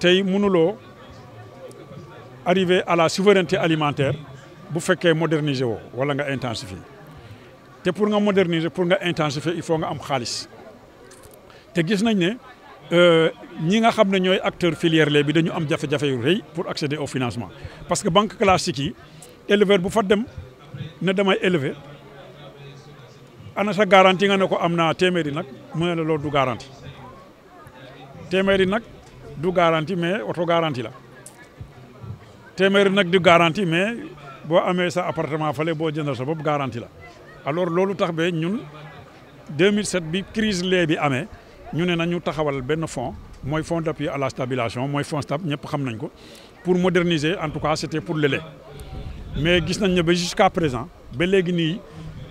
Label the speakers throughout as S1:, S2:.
S1: tey mënuloo arriver à la souveraineté alimentaire bu fekkee moderniser ou wala intensifier te pour nga moderniser pour nga intensifier il faut nga am xaalis te gis nañ ne euh, ñi nga xam acteur acteurs filière lait bi dañu am pour accéder au financement parce que banque classique yi veut bu fa dem ne damay élever ana garantie nga ne ko am naa téeméeri nag garantie téeméeri du garantie mais auto garantie la une nak du garantie mais bo Amé sa appartement fale bo jëndal sa bopp garantie la alors nous tax fait ñun 2007 bi crise de bi nous ñu né nañu taxawal benn fonds un fonds d'appui à la stabilisation un fonds stab ñep xam nañ ko pour moderniser en tout cas c'était pour le lait mais gis nañ ba jusqu'à présent ba légui ni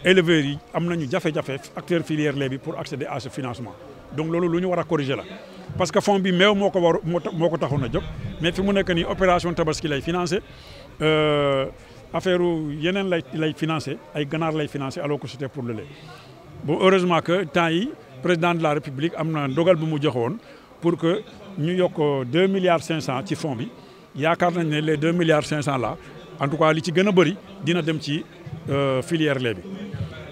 S1: éleveurs yi fait nañu jafé jafé acteurs filière bi pour accéder à ce financement donc nous lu ñu corriger la parce que fond bi mew moko ko war moo ko taxoon mais fi mu nekk opération tabaski lay euh affaire yenen lay lay financer ay ganar lay financer alors que c'était pour le lait bon heureusement que temps yi président de la république amna dogal bu mu joxone pour que ñu yok deux milliards cinq ci fond bi yaakaar nañ ne les deux milliards cinq là en tout cas li ci gëna a bëri dina dem ci euh, filière lait bi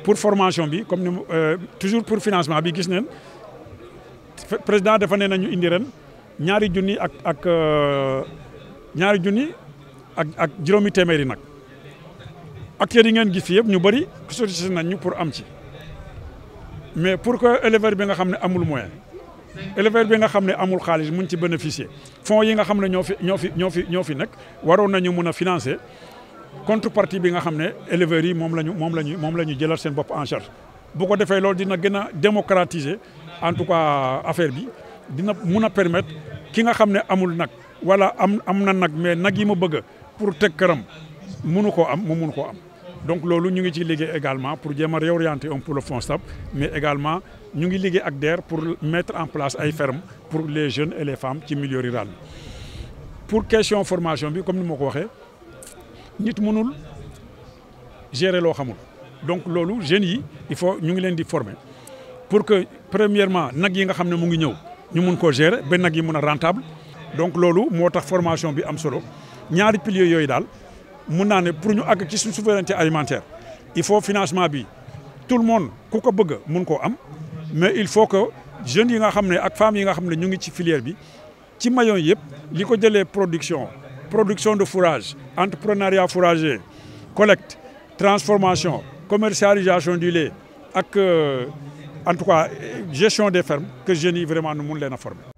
S1: pour formation bi comme euh, toujours pour financement bi gis nañ président dafa ne nañu indi ren ñaari junni ak ak euh, ñaari junni ak ak juróomi téméri nak acteurs yi ngeen gis yëpp ñu bari sollicité nañu pour am ci mais pour que éleveur bi nga xamné amul moyen éleveur bi nga xamné amul xaalis mun ci bénéficier fonds yi nga xamné ne ñoo fi ñoo fi ñoo fi ñoo fi nak waro nañu mëna financer contrepartie bi nga xamné éleveur yi mom lañu mom lañu mom lañu moom jëlal seen bopp en charge bu ko defee loolu dina gën démocratiser en tout cas affaire bi dina mun permettre ki nga xamné ne amul nak wala am am na mais nak yi ma bëgg pour teg kërëm munu ko am mu mun ko am donc lolu ñu ngi ci liggé également pour jéem orienter réorienter un peu le fonds Stab mais également ñu ngi liggé ak DER pour mettre en place ay ferme pour les jeunes et les femmes ci milieu rural pour question formation bi comme ni ma ko waxee nit mënul gérer lo xamul donc lolu jeune yi il faut ñu ngi leen di former pour que premièrement nous yi nga xam ne mu ngi ñu gérer ba nag yi a rentable donc loolu moo formation bi am solo ñaari pilier yooyu daal mun pour ñu souveraineté alimentaire il faut financement bi tout le monde ku ko bëgg am mais il faut que jeunes yi nga xam ak femmes yi nga xam ñu ngi ci filière bi ci maillon yëpp li production production de fourrage entrepreneuriat fourrager collecte transformation commercialisation du lait ak euh, en tout cas euh, gestion des fermes que jeunes yi vraiment nu mun leen a former.